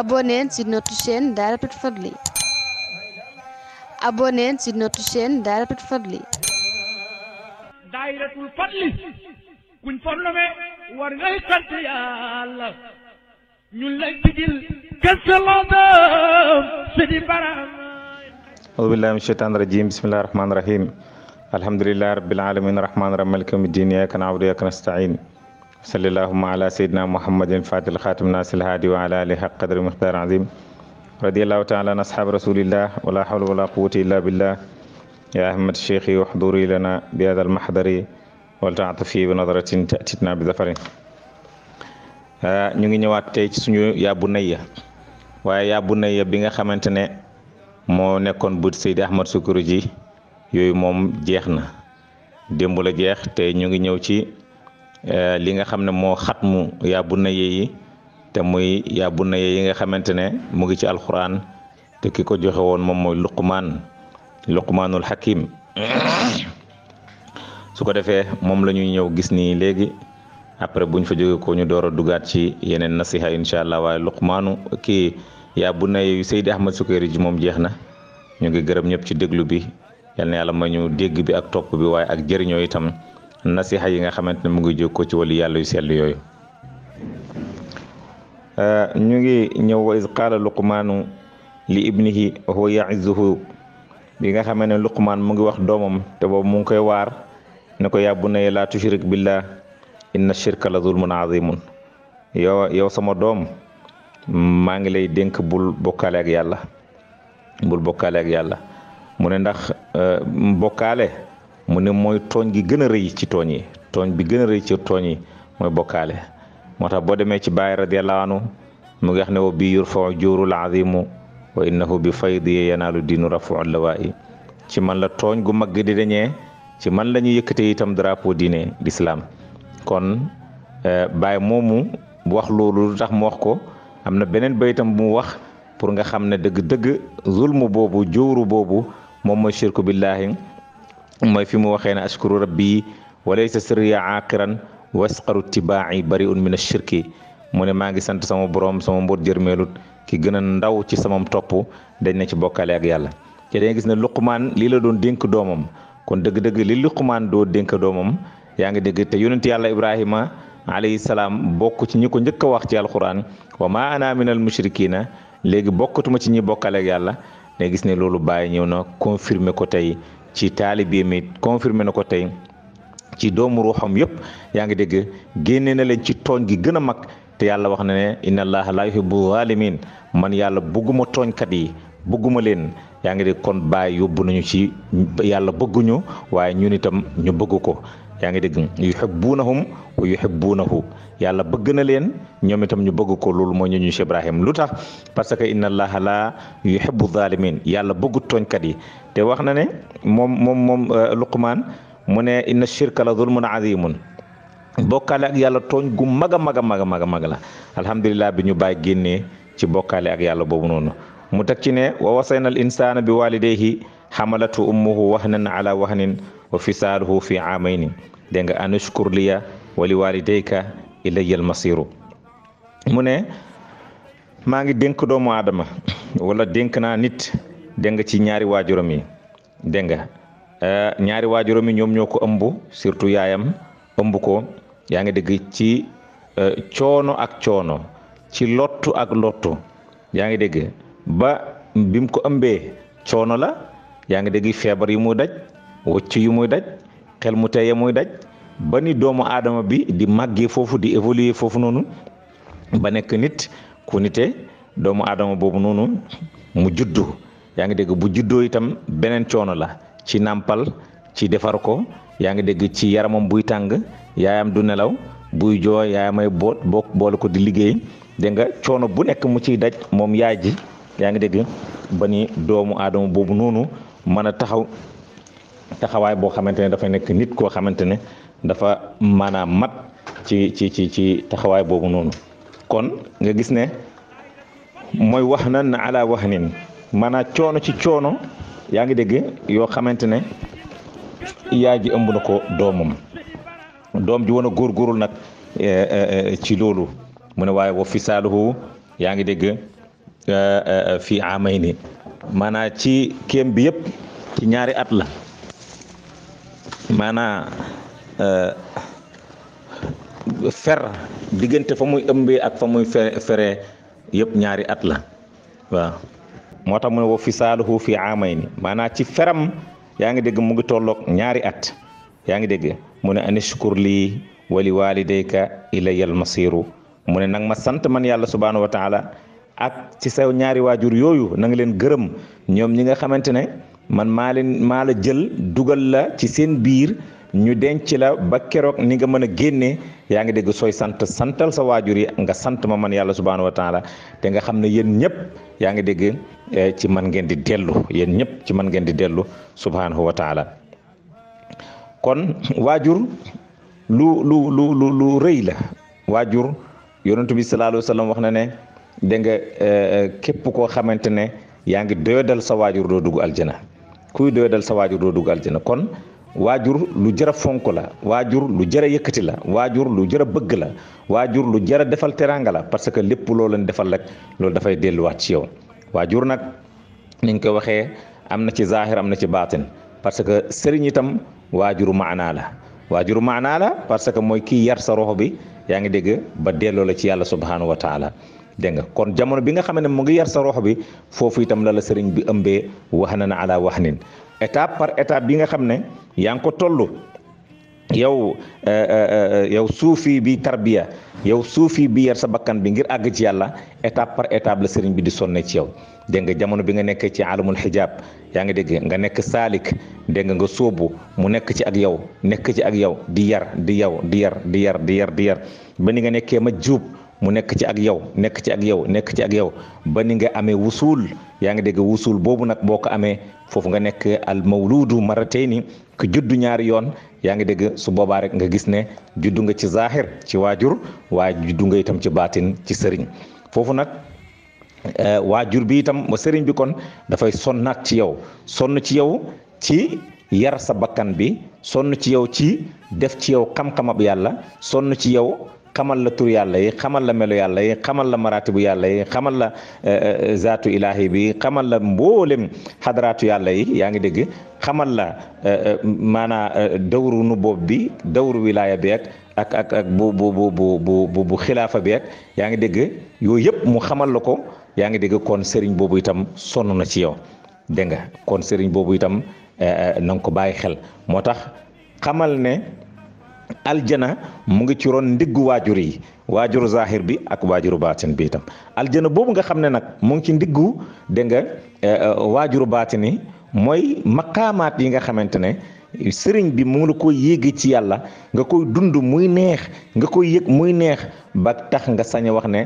abonnez sur notre chaîne Dahiratoul Fadly abonnez sur notre chaîne Dahiratoul Fadly Dahiratoul Fadly kuñ fornome war ngay sant Yàlla ñun lay tijil kësalaadam sidi baram auzu billahi min shaytaani rajim bismillahi rahmaani rahim alhamdulillahi rabbil alamin rahmaani rahim maliki yawmi ddin iyyaka na'budu wa iyyaka nasta'in salillahuma ala seydina muhammadin fatil xaatim nasil haadi wa ala ali haq qadri muxtaar azim radiallahu taala an ashab rasulillah wala hawla wala quwata illa billah ya ahmad cheikhi wahduri lana bi hada almahdari wal taatufi bi nadratin taatitna bi zafarin ah, ñu ngi ñëwaat tey ci suñu yàbbu nayya waaye yàbbu nayya bi nga xamante ne moo nekkoon bu seydi ahmad sukuru ji yooyu moom jeex na la jeex te ñu ngi ñëw ci Eh, li nga xam ne moo xatmu yaa bu na yeeyi te muy yaa bu na yeeyi nga xamante ne mu ngi ci alxuraan te ki ko joxe woon moom mooy luqmaan luqmaanul hakim su ko defee moom la ñëw gis nii léegi après buñ fa jóge ko ñu door a dugaat ci yeneen nasiha incha allah waaye luqmaanu kii yaa bu na yeeyu Seydi Ahmad Sukayri ji moom jeex na ñu ngi gërëm ñëpp ci déglu bi yal na yàlla ma ñu dégg bi ak topp bi waaye ak jëriñoo itam nasiha yi nga xamante ne mu ngi jóg ko ci wàllu yàlla yu sell yooyu euh, ñu ngi ñëw wa is qaala luqmaanu li ibnihi huwa ya'izuhu bi nga xamee ne luqmaan mu ngi wax doomam te boobu mu ngi koy waar ne ko yaa bunayya laa tushrik billah inna shirka la mu azimun yow yow sama doom maa ngi lay dénk bul bokkaale ak yàlla bul bokkaale ak yàlla mu ne ndax euh, bokkaale mu ne mooy tooñ gi gën a rëy ci tooñ yi tooñ bi gën rëy ci tooñ yi mooy bokkaale moo tax boo demee ci bàyyi radiyallahu anhu mu ngi wax ne wa bi yurfau juurul azimu wa innahu bi faydi yanaalu diinu rafuul lawaa'i ci man la tooñ gu mag di dañee ci man la ñu yëkkatee itam drapeau diine l'islam kon eh, Baye moomu wax loolu tax mu wax ko am na beneen baytam bu mu wax pour nga xam ne dëgg-dëgg zulmu boobu juuru boobu moom mooy shirku billahi mooy fi mu waxee ne ashkuru rabbi wa laysa sirriya aaqiran bari tibaa'i mi na ashirki mu ne maa ngi sant sama borom sama mbóot jërmeelut ki gën a ndaw ci samam topp dañ na ci bokkaale ak yàlla te dañuy gis ne luqumaan lii la doon dénk doomam kon dëgg-dëgg li luqumaan doo dénk doomam yaa ngi dégg te yonent yàlla ibrahima alayhi salaam bokk ci ñi ko njëkk a wax ci alquran wa ma ana minal mushrikina léegi bokkatuma ci ñi bokkale ak yàlla day gis ne loolu bàyyi ñëw na confirmer ko tey ci taalibe mi confirmé na ko tey ci doomu ruuxam yëpp yaa ngi dégg génne na leen ci tooñ gi gën a mag te yàlla wax na ne inna allaha la yuhibbu zalimin man yàlla bëgguma tooñkat yi bëgguma leen yaa ngi dégg kon bàyyi yóbbu nañu ci yàlla bëgguñu waaye ñun itam ñu bëgg ko yaa ngi dégg yuhibbunahum wa yuhibbunahu yàlla bëgg na leen ñoom itam ñu bëgg ko loolu mooy ñu ñu Cheikh lu tax parce que inna allaha la yuhibbu zalimin yàlla bëggut tooñkat yi te wax na ne moom moom euh, Luqmaan mu ne inna shirka la zulmun azimun bokkaale ak yàlla tooñ gu mag a mag a mag mag a mag la alhamdulilah bi ñu bàyyi génnee ci bokkaale ak yàlla boobu noonu mu teg ci ne wa wasayna insana bi walidayhi xamalatu ummuhu waxnan ala waxnin wa fisaaluhu fi aamayn dégg nga anushkur liya wali walidayka ilayyal masiru mu ne maa ngi dénk doomu aadama wala dénk naa nit dégg nga ci ñaari waajurami yi dégg nga eh, ñaari waajuram ñoom ñoo ko ëmb surtout yaayam ëmb ko yaa ngi dégg ci eh, coono ak coono ci lottu ak lottu yaa ngi dégg ba bim ko ëmbee coono la yaa ngi dégg feebar yi muy daj wëcc yu muy daj xel mu teye muy daj ba ni doomu aadama bi di màggee foofu di évoluer foofu noonu ba nekk nit ku doomu aadama boobu noonu mu juddu yaa ngi dégg bu juddoo itam beneen coono la ci nàmpal ci defar ko yaa ngi dégg ci yaramam buy tàng yaayam du nelaw buy jooy di liggéey dégg nga coono bu nekk mu ciy daj moom yaay ji yaa ngi dégg ba ni doomu aadama boobu noonu mën a taxaw taxawaay boo xamante ne dafa nekk nit koo xamante ne dafa maanaam mat ci ci ci ci taxawaay boobu noonu kon nga gis ne mooy wax na na ala wax nin maanaam coono ci coono yaa ngi dégg yoo xamante ne yaay ji ëmb na ko doomam doom ji wan a góorgóorul nag eh, eh, eh, ci loolu mu ne waaye wa fisaaluhu yaa ngi dégg fii amay ni maanaam ci kéem bi yëpp ci ñaari at la maanaa euh, fer diggante fa muy ëmb ak fa muy fe feree yëpp ñaari at la waaw moo tax mu ne wa fisaaluhu fi aamayni maanaa ci feram yaa ngi dégg mu ngi tollook ñaari at yaa ngi dégg mu ne anishkur lii wali walidayka ilayal masiru mu ne nag ma sant man yàlla subhanahu wa taala ak ci saw ñaari waajur yooyu nang leen gërëm ñoom ñi nga xamante man maa leen maa la jël dugal la ci seen biir ñu denc la ba keroog ni nga mën a génne yaa ngi dégg sooy sant santal sa waajur yi nga sant ma man yàlla subhaanahu wa taala te nga xam ne yéen ñëpp yaa ngi dégg eh, ci man ngeen di dellu yéen ñëpp ci man ngeen di dellu subhaanahu wa kon waajur lu lu lu lu rëy la waajur yonentu bi sa alayhi wax na ne dégg nga eh, eh, képp koo xamante ne yaa ngi doyodal sa waajur doo dugg aljana kuy dal sa waajur doo dugg aljana kon waajur lu jar a fonk la waajur lu jar yëkkati la waajur lu jar a bëgg la waajur lu jar defal teraanga la parce que lépp loo leen defal rek loolu dafay delluwaat ci yow waajur nag ni nga ko waxee am na ci zaahir am na ci baatin parce que sëriñ itam waajur maanaa la waajur maanaa la parce que mooy kii yar sa roxo bi yaa ngi dégg ba delloo la ci yàlla subhaanahu wa dégg nga kon jamono bi nga xam ne mu ngi yar sa rox bi foofu itam la la sëriñ bi ëmbee wax na na ala wax nin étape par étape bi nga xam ne yaa ngi ko toll yow euh, euh, euh, yow suufi bi tarbiya yow suufi bi yar sa bakkan bi ngir àgg ci yàlla étape par étape la sëriñ bi di sonne ci yow dégg nga jamono bi nga nekkee ci alamul xijaab yaa ngi dégg nga nekk saalik dégg nga nga sóobu mu nekk ci ak yow nekk ci ak yow di yar di yow di yar di yar di yar di yar ba ni nga nekkee ma juub mu nekk ci ak yow nekk ci ak yow nekk ci ak yow ba ni nga amee wusul yaa ngi dégg wusul boobu nag boo ko amee foofu nga nekk al mawludu maratayni ku juddu ñaari yoon yaa ngi dégg su boobaa rek nga gis ne juddu nga ci zahir ci waajur waaye juddu nga itam ci baatin ci sëriñ foofu nag eh, waajur bi itam ba sëriñ bi kon dafay sonnaat ci yow sonn ci yow ci yar sa bakkan bi sonn ci yow ci def ci yow xam-xamab yàlla sonn ci yow xamal la tur yàlla yi xamal la melu yàlla yi xamal la maratibu yàlla yi xamal la eh, eh, eh, zaatu ilaahi bi xamal la mboolem xadaraatu yàlla yi yaa ngi dégg xamal la maanaa dawru nu boobu bi dawru wilaaya bi ak ak ak ak bu bu bu xilaafa bi ak yaa ngi dégg yooyu yëpp mu xamal la ko yaa ngi dégg kon sëriñ boobu itam sonn na ci yow dégg kon sëriñ boobu itam na ko bàyyi xel moo tax xamal ne. aljana mu ngi ci ron ndiggu waajur yi waajuru zahir bi ak waajuru baatin bi itam aljana boobu nga xam ne nag mu ngi ci ndiggu dégg nga eh, eh, waajuru baatin yi mooy makaamaat yi nga xamante ne sëriñ bi mu la koy yéege ci yàlla nga koy dund muy neex nga koy yëg muy neex ba tax nga sañ wax ne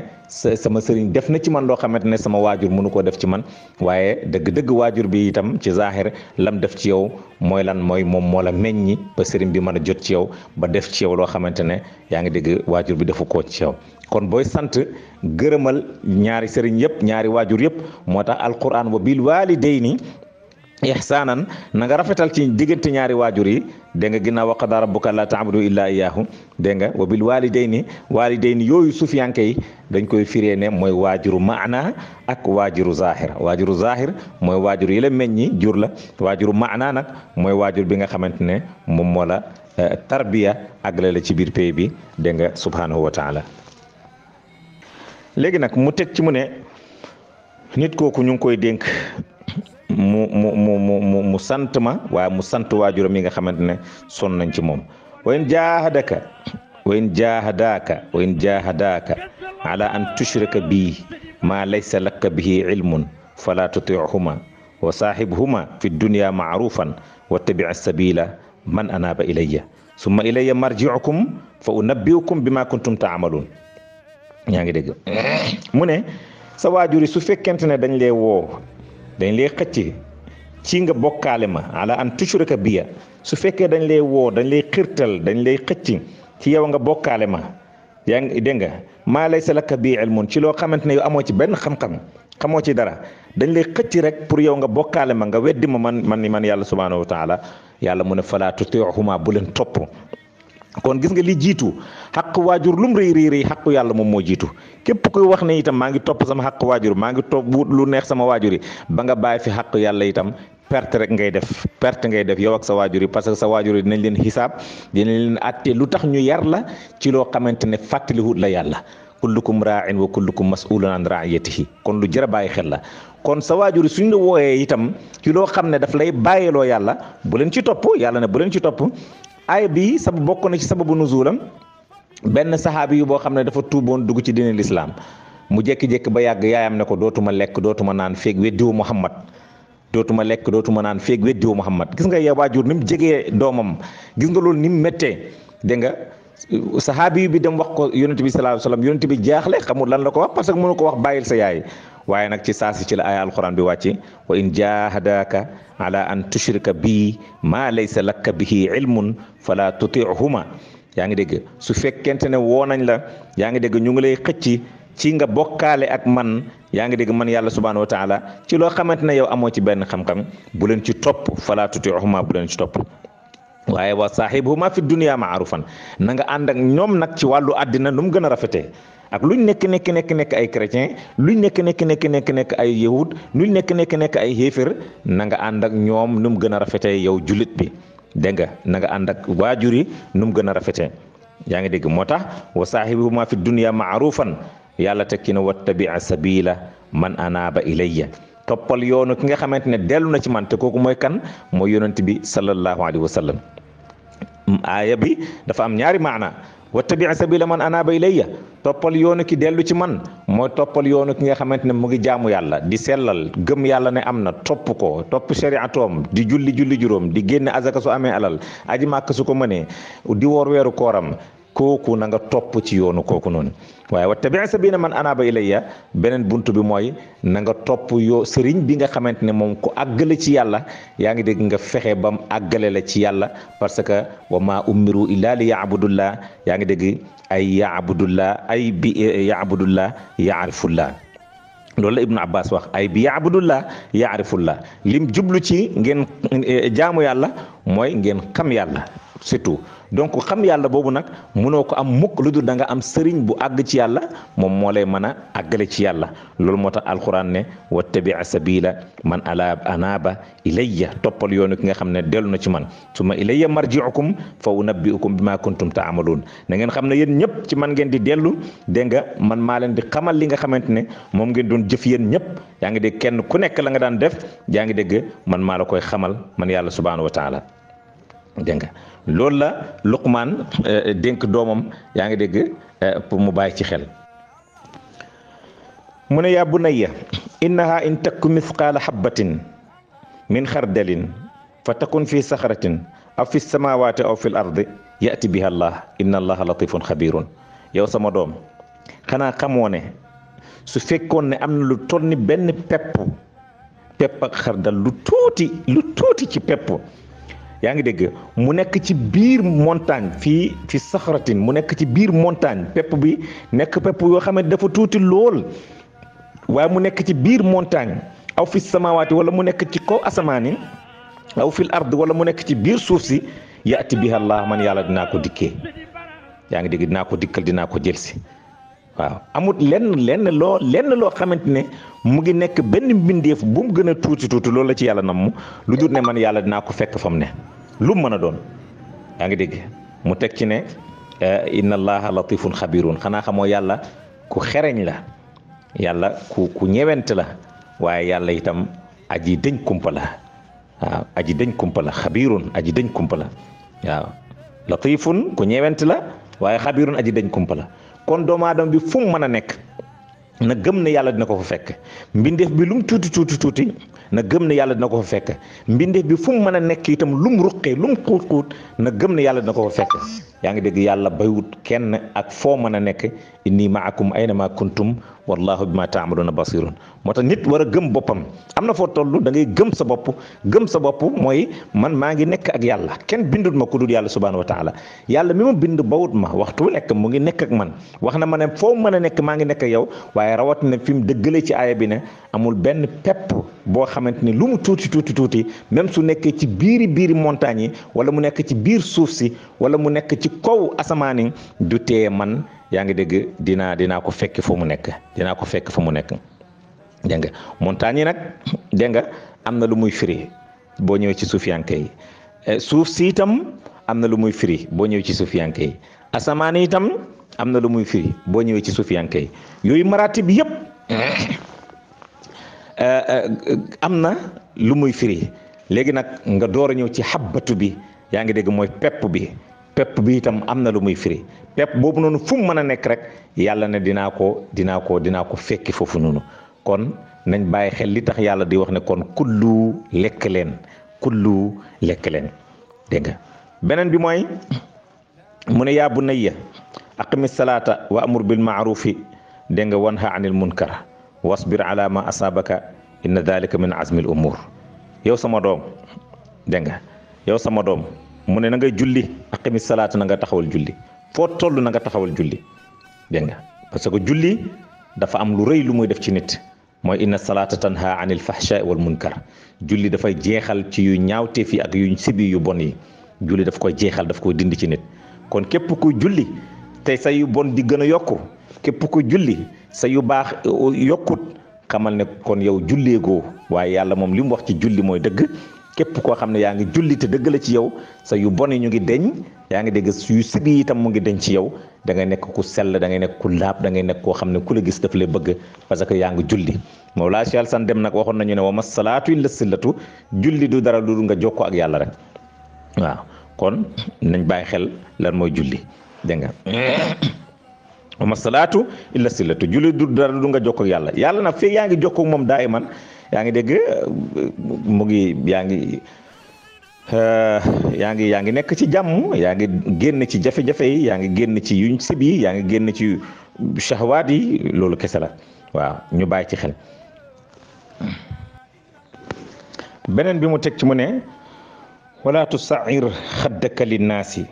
sama sëriñ def na ci man loo xamante ne sama waajur mënu koo def ci man waaye dëgg-dëgg waajur bi itam ci zaaxir lam def ci yow mooy lan mooy moom moo meññi ba sëriñ bi mën a jot ci yow ba def ci loo xamante ne yaa ngi dégg waajur bi defu koo ci yow kon booy sant gërëmal ñaari sëriñ yëpp ñaari waajur yëpp moo tax alquran wa bil waalidayni ihsaanan naga rafetal ci diggante ñaari waajur yi dégg nga ginnaaw wa qadaa rabbuka allaa taabudu illaa iyyaahu dégg nga wa bil waalidayni waalidayni yooyu sufiyanke yi dañ koy firee ne mooy waajuru maana ak waajuru zahir waajuru zahir mooy waajur yi la meññi jur la waajuru maana nag mooy waajur bi nga xamante ne moom moo la eh, tarbiya àggale la ci biir pay bi dégg nga subhaanahu wa taala léegi nag mu teg ci mu ne nit kooku ñu ngi koy dénk mu mu mu mu mu sant ma waaye mu sant waajuram yi nga xamante ne sonn nañ ci moom wayn jaahadaka wayn jaahadaaka wayn jaahadaaka ala an tushrika bii maa laysa laka bihi ilmun fala tutihuma wa saaxibhuma fi dunya maarufan wa tabic sabila man anaaba ilayya summa ilayya marjiukum fa unabbiukum bima kuntum taamaluun ñaa ngi dégg mu ne sa waajur yi su ne dañ lee woo dañ lay xëcc ci nga bokkaale ma ala an tushrika biya su fekkee dañ lay woo dañ lay xirtal dañ lay xëcc ci yow nga bokkaale ma yaa ngi dégg nga maa laysa laka bii ilmun ci loo xamante ne yow amoo ci benn xam-xam xamoo ci dara dañ lay xëcc rek pour yow nga bokkaale ma nga weddi ma man man man yàlla subhanahu wa taala yàlla mu ne fala tutiuhuma bu leen topp kon gis nga li jiitu xaq waajur lum rëy rëy rëy xaqu yàlla moom moo jiitu képp koy wax ne itam maa ngi topp sama xaq waajur maa ngi topp wut lu neex sama waajur ba nga bàyyi fi xaq yàlla itam perte rek ngay def perte ngay def yow ak sa waajur yi parce que sa waajur yi dinañ leen xisaab dinañ leen àtte lu tax ñu yar la ci loo xamante ne fàttaliwut la yàlla kullukum raa'in wa kullukum mas'ulun an ra'iyatihi kon lu jar a bàyyi xel la kon sa waajur la wooyee itam ci loo xam ne daf lay bàyyiloo yàlla bu leen ci topp yàlla ne bu leen ci topp aaya bii sab bokk na ci sababu nuzulam benn saxaabi yu boo xam ne dafa tuuboon dugg ci diine lislaam mu jékki-jékki ba yàgg yaayam ne ko dootuma lekk dootuma naan feeg weddiwu Muhammad dootuma lekk dootuma naan feeg weddiwu Muhammad gis nga waajur ni mu jegee doomam gis nga loolu ni mu méttee dégg nga saxaabi bi dem wax ko yonent sa sallallahu alayhi wasallam yonent bi jaaxle xamul lan la ko wax parce que mënu ko wax bàyyil sa yaay waaye nag ci saasi ci la aaya alquran bi wàcc wa in jahadaka ala an tushrika bii maa laysa lakka bihi ilmun fala tutihuma yaa ngi dégg su fekkente ne woo nañ la yaa ngi dégg ñu ngi lay xëcc ci nga bokkaale ak man yaa ngi dégg man yàlla subhaanahu wa taala ci loo xamante ne yow amoo ci benn xam-xam bu leen ci topp fala tutihuma bu leen ci topp waaye wa saaxibuhuma fi dunia maarufan na nga ànd ak ñoom nag ci wàllu àddina nu mu gën a rafetee ak luñ nekk nekk nekk nekk ay chrétien luñ nekk nekk nekk nekk nekk ay yahud luñ nekk nekk nekk ay xéefér na nga ànd ak ñoom nu mu gën a rafetee yow julit bi dégg nga na nga ànd ak waajur yi nu mu gën a rafetee yaa ngi dégg moo tax wa saaxibuhuma fi dunia maarufan yàlla tekki na wattabi sabila man anaaba ilayya toppal yoonu ki nga xamante ne dellu na ci man te kooku mooy kan mooy yonent bi sallallahu alayhi wa sallam mm, aaya bi dafa am ñaari maana wattabi sabila man anaaba ilayya toppal yoonu ki dellu ci man mooy toppal yoonu ki nga xamante ne mu ngi jaamu yàlla di sellal gëm yàlla ne am na topp ko topp shariatoom di julli julli juróom di génn azaka su amee alal aji màkk su ko mënee di woor weeru kooram kooku na nga topp ci yoonu kooku noonu waaye wattabi sabila man anaaba ilayya beneen bunt bi mooy nanga topp yoo sëriñ bi nga xamante ne moom ku àggale ci yàlla yaa ngi dégg nga fexe ba mu àggale la ci yàlla parce que wa maa umiru illaa li yaabudullah yaa ngi dégg ay yaabudullah ay bi yaabudullah yaarifullah loolu la ibnu wax ay bi yaabudullah yaarifullah lim jublu ci ngeen eh, jaamu yàlla mooy ngeen xam yàlla surtout donc xam yàlla boobu nag munoo ko am mukk lu dul da am sëriñ bu àgg ci yàlla moom moo lay mën a àggale ci yàlla loolu moo tax alquran ne wattabia sabila man ala anaaba ilayya toppal yoonu ki nga xam ne dellu na ci man suma ilayya marjiukum fa unabbiukum bima kuntum taamaluun na ngeen xam ne yéen ñëpp ci man ngeen di dellu dégg nga man maa leen di xamal li nga xamante ne moom ngeen doon jëf yéen ñëpp yaa ngi dégg kenn ku nekk la nga daan def yaa ngi dégg man maa la koy xamal man yàlla subhaanahu wa loolu la Luqmaan euh, dénk doomam yaa ngi dégg euh, pour mu bàyyi ci xel mu ne yaa bunayya innaha in takku misqaala xabbatin min xardalin fa takun fi saxaratin aw fi samawaati aw fi l yati biha allah inna allaha latifun xabirun yow sama doom xanaa xamoo su fekkoon ne am na lu toll ni benn pepp pepp ak xardal lu tuuti lu tuuti ci pepp yaa ngi dégg mu nekk ci biir montagne fii fi saxaratin mu nekk ci biir montagne pepp bi nekk pepp yoo xam ne dafa tuuti lool waaye mu nekk ci biir montagne aw fi samawaati wala mu nekk ci kaw asamaani aw fil ard wala mu nekk ci biir suuf si yaati biha allah man yàlla dinaa ko dikkee yaa ngi dégg dinaa ko dikkal dinaa ko jëlsi waaw amut lenn lenn loo lenn loo xamante ne mu ngi nekk benn mbindeef bu mu gën a tuuti tuuti loolu la ci yàlla mu lu dul ne man yàlla dinaa ko fekk fa ne lu mu mën a doon yaa ngi dégg mu teg ci ne eh, inna allaha latifun xabirun xanaa xamoo yàlla ku xereñ la yàlla ku ku ñewent la waaye yàlla itam aji dëñ kumpa la aji dëñ kumpa la xabirun aji dëñ la waaw latifun ku ñewent kon doomu bi fu mën a nekk na gëm na yàlla dina ko fa fekk mbindeef bi lu tuuti tuuti tuuti na gëm na yàlla dina ko fa fekk mbindeef bi fum mën a nekk itam lu mu ruqee lu xuut xuut na gëm na yàlla dina ko fa fekk yaa ngi dégg yàlla baywut kenn ak foo mën a nekk inni maakum ayna ma kuntum wallahu bima taamaluna moo tax nit war a gëm boppam am na foo toll da ngay gëm sa bopp gëm sa bopp mooy man maa ngi nekk ak yàlla kenn bindut ma ku dul yàlla subhanahu wa taala yàlla mi ma bind bawut ma waxtu nekk mu ngi nekk ak man wax na ma ne foo mën a nekk maa ngi nekk ak yow waaye rawatina fi mu dëggalee ci aaya bi ne amul benn pepp boo xamante ni lu mu tuuti tuuti tuuti même su nekkee ci biiri biiri montagne yi wala mu nekk ci biir suuf si wala mu nekk ci kaw asamaani du tee man yaa ngi dégg dinaa dinaa ko fekk foo mu nekk dinaa ko fekk fa mu nekk dégg nga montagne yi nag dégg nga am na lu muy fri boo ñëwee ci suufiyanke eh, suuf si itam am na lu muy firi boo ñëwee ci suufiyanke yi itam am na lu muy firi boo ñëwee ci suufiyanke yi yooyu maratib yëpp eh, eh, am na lu muy firi léegi nag nga door a ñëw ci xabbatu bi yaa ngi dégg mooy pepp bi pepp bi itam am na lu muy firi pepp boobu noonu fu mu mën a nekk rek yàlla ne dinaa ko dinaa ko dinaa ko fekki foofu noonu kon nañ bàyyi xel li tax yàlla di wax ne kon kullu lekk leen kullu lekk leen dégg nga beneen bi moy mu ne yaa bunayya aqimi salaata wa amur bil maarufi dégg nga wanha anil munkar wasbir ala ma asaabaka inna dalika min azmil umur yow sama doom dégg nga yow sama doom mu ne na ngay julli aqimi salaata na nga taxawal julli foo toll na nga taxawal julli dégg nga parce que julli dafa am lu rëy lu muy def ci nit mooy inna salaata tanha anil fahsha wal munkar julli dafay jeexal ci yu ñaawte fii ak yu sibi yu bon yi julli daf koy jeexal daf koy dindi ci nit kon képp ku julli tey sa yu bon di gën a yokku képp ku julli sa yu baax yokkut xamal ne kon yow julleegoo waaye yàlla moom li mu wax ci julli mooy dëgg képp koo xam ne yaa ngi julli te dëgg la ci yow sa yu bon yi ñu ngi deñ yaa ngi dégg yu sibi itam mu ngi deñ ci yow da ngay nekk ku sell da ngay nekk ku laab da ngay nekk koo xam ne ku la gis daf lay bëgg parce que yaa ngi julli Mawlaa Cheikh Alassane Dème nag waxoon nañu ne wa ma salaatu illa sillatu julli du dara lu nga jokkoo ak yàlla rek waaw kon nañ bàyyi xel lan mooy julli dégg nga wa ma salaatu illa sillatu julli du du nga jokkoo ak yàlla yàlla nag fii yaa ngi jokkoo ak moom daa iman yaa ngi dégg mu ngi yaa ngi ah, yaa ngi yaa ngi nekk ci jàmm yaa ngi génn ci jafe-jafe yaa ngi génn ci yuñ sib yi yaa ngi génn ci shahwaat yi loolu kese la waaw ñu bàyyi ci xel beneen bi mu teg ci mu ne wala tusair xaddaka linnaasi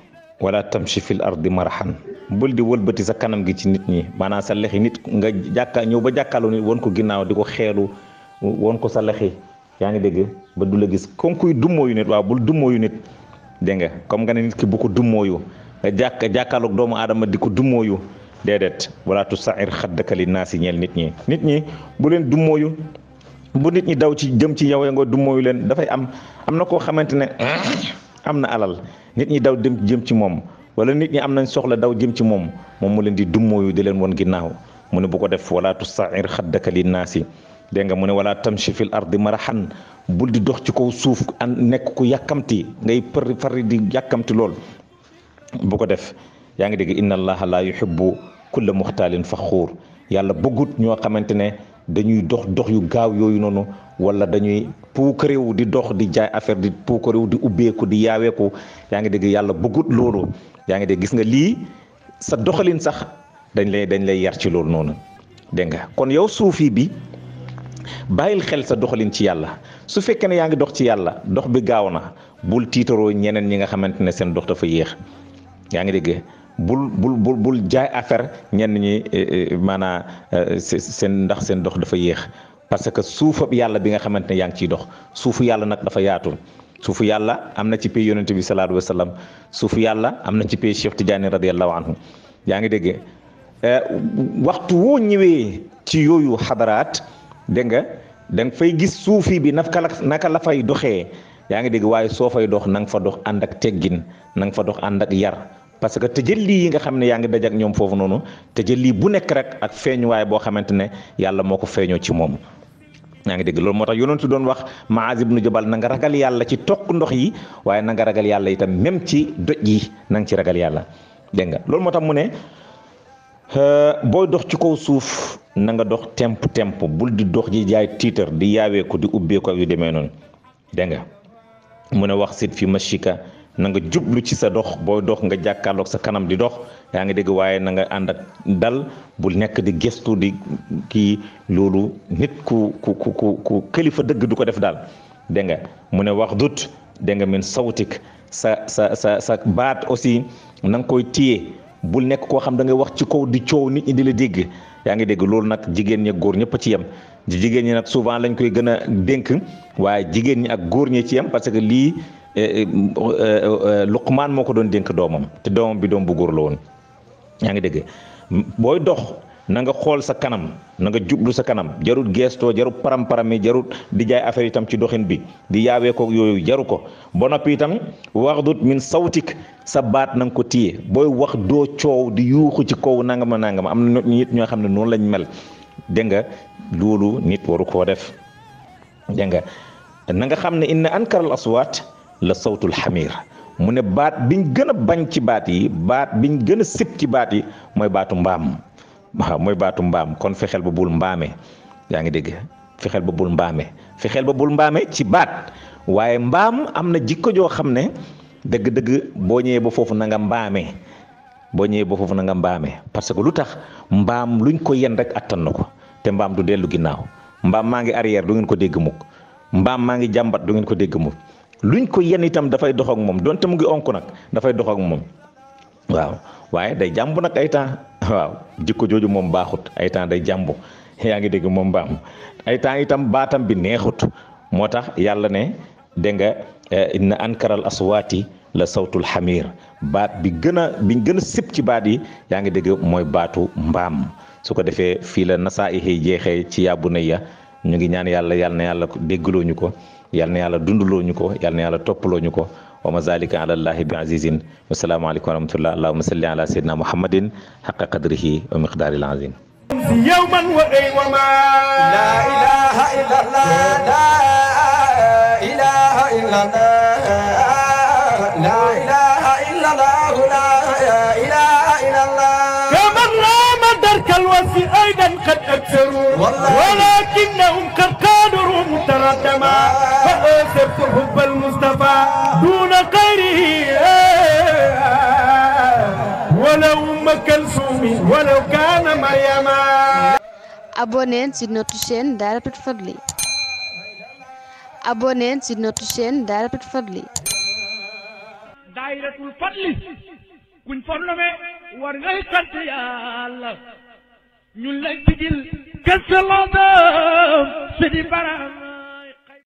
wala tamshi fil ardi marahan bul di wëlbati sa kanam gi ci nit ñi maanaam sa lexi nit nga jàkka ñëw ba jàkkaalu nit won ko ginnaaw di ko xeelu woon ko sa lexi yaa ngi dégg ba du la gis comme kuy dummóoyu nit waaw bul dummóoyu nit dégg nga comme nga ne nit ki bu ko dummóoyu jàkk jàkkaarloog doomu aadama di ko dummóoyu déedéet wala tu sair xaddaka li naasi ñeel nit ñi nit ñi bu leen dummóoyu bu nit ñi daw ci jëm ci yow nga dummóoyu leen dafay am am na koo xamante ne am na alal nit ñi daw dem jëm ci moom wala nit ñi am nañ soxla daw jëm ci moom moom mu leen di dummóoyu di leen won ginnaaw mu ne bu ko def wala tu sair xaddaka li naasi dégg nga mu ne wala tamshi fil ardi marahan bul di dox ci kaw suuf an nekk ku yàkkamti ngay për fari di yàkkamti lool bu ko def yaa ngi dégg inna allaha la yuhibbu kulla muxtaalin xuur yàlla buggut ñoo xamante ne dañuy dox dox yu gaaw yooyu noonu wala dañuy puukaréewu di dox di jaay affaire di puukaréewu di ubbeeku di yaaweeku yaa ngi dégg yàlla buggut loolu yaa ngi dégg gis nga lii sa doxalin sax dañ lay dañ lay yar ci loolu noonu dégg kon yow suufi bi bàyyil xel sa doxalin ci yàlla su fekkee ne yaa ngi dox ci yàlla dox bi gaaw na bul tiitaroo ñeneen ñi nga xamante ne seen dox dafa yéex yaa ngi dégg bul bul bul bul jaay affaire ñenn ñi eh, eh, maanaam eh, seen ndax seen dox dafa yéex parce que suufab yàlla bi nga xamante ne yaa ngi ciy dox suufu yàlla nag dafa yaatu suufu yàlla am na ci pay bi salaatu wa salaam suufu yàlla am na ci pay Cheikh Tidiane radiyallahu anhu yaa ngi dégg waxtu woo ñëwee ci yooyu xadaraat. dégg nga da nga fay gis suufi bi naka la naka la fay doxee yaa ngi dégg waaye soo fay dox na fa dox ànd ak teggin na nga fa dox ànd ak yar parce que tëjëlli yi nga xam ne yaa ngi daj ak ñoom foofu noonu tëjëlli bu nekk rek ak feeñuwaay boo xamante ne yàlla moo ko feeñoo ci moom. yaa ngi dégg loolu moo tax yonentu doon wax Maaz ibnu Jabal na nga ragal yàlla ci toq ndox yi waaye nanga ragal yàlla itam même ci doj yi na ci ragal yàlla dégg nga moo tax mu ne. Euh, booy dox ci kaw suuf na nga dox temp temp bul di dox ji jaay tiitar di yaawee ko di ubbee ko yu demee noonu dégg nga mu wax sit fi machika na nga jublu ci sa dox booy dox nga jàkkaarloog sa kanam di dox yaa ngi dégg waaye na nga ànd ak dal bu nekk di gestu di kii loolu nit ku ku ku ku ku kilifa dëgg du ko def daal dégg nga mu wax dut dégg nga min sawtik sa sa sa sa baat aussi na nga koy téye. bul nekk koo xam da ngay wax ci kaw di coow nit ñi di la dégg yaa ngi dégg loolu nag jigéen ñi góor ñëpp a ci yem jigéen ñi nag souvent lañ koy gën a dénk waaye jigéen ñi ak góor ñee ci yem parce que lii eh, eh, eh, Luqmaan moo ko doon dénk doomam te doomam bi doom bu góor la woon yaa ngi dégg booy dox na nga xool sa kanam na nga jublu sa kanam jarut geestoo jarut param-parami jarut di jaay affaire itam ci doxin bi di yaawee kook yooyu jaru ko ba noppi itam waxdut min sawtik sa baat nanga ko tiye booy wax doo coow di yuuxu ci kaw ma nangama am na nit ñoo xam ne noonu lañ mel dégg nga loolu nit waru koo def dégg nga na xam ne inna ankaral aswaat la sawtul xamir mu ne baat biñ gën a bañ ci baat yi baat biñ gën a sib ci baat yi mooy baatu mbaam waaw mooy baatu mbaam kon fexeel ba bul mbaame yaa ngi dégg fexeel ba bul mbaame fexeel ba bul mbaame ci baat waaye mbaam am na jikko joo xam ne dëgg-dëgg boo ñëwee ba foofu na nga boo ñëwee ba foofu na nga parce que lu tax mbaam luñ ko yen rek attan na ko te mbaam du dellu ginnaaw mbaam maa ngi arrière du ngeen ko dégg mukk mbaam maa ngi jàmbat du ngeen ko dégg mukk luñ ko yen itam dafay dox ak moom donte mu ngi onk nag dafay dox ak moom waaw waaye day jàmb nag waaw jikko jooju moom baaxut ay temps day jàmbu yaa ngi dégg moom mbaam ay temps itam baatam bi neexut moo tax yàlla ne dégg nga eh, inna ankaral aswaati la sawtul xamir baat bi gën a bi gën a sib ci baat yi yaa ngi dégg mooy baatu mbaam su ko defee fii la nasaa i jeexee ci yàbbu na ya ñu ngi ñaan yàlla yàlla na yàlla déggloo ñu ko yàlla yàlla dundloo ñu ko yàlla na yàlla toppaloo ñu ko wa ma zalika ala allahi bi azizin wasalaamualeykum wa rahmatullah allahuma salli ala sayyidina muhammadin haqa qadrihi wa miqdaaril azim yawman wa ay wa ma la ilaha illa allah la ilaha illa allah la ilaha illa allah la ilaha illa allah kaman rama darkal wasi aidan qad aktaru walakinnahum qad qadaru mutaraddama يكسبت حب المصطفى دون غيره ولو أم كلثوم ولو كان مريما abonnez sur notre chaîne Dahiratoul Fadly abonnez sur notre chaîne Dahiratoul Fadly Dahiratoul Fadly kuñ fornome war ngay sant Yàlla ñun lay digil kese la dem sidi baram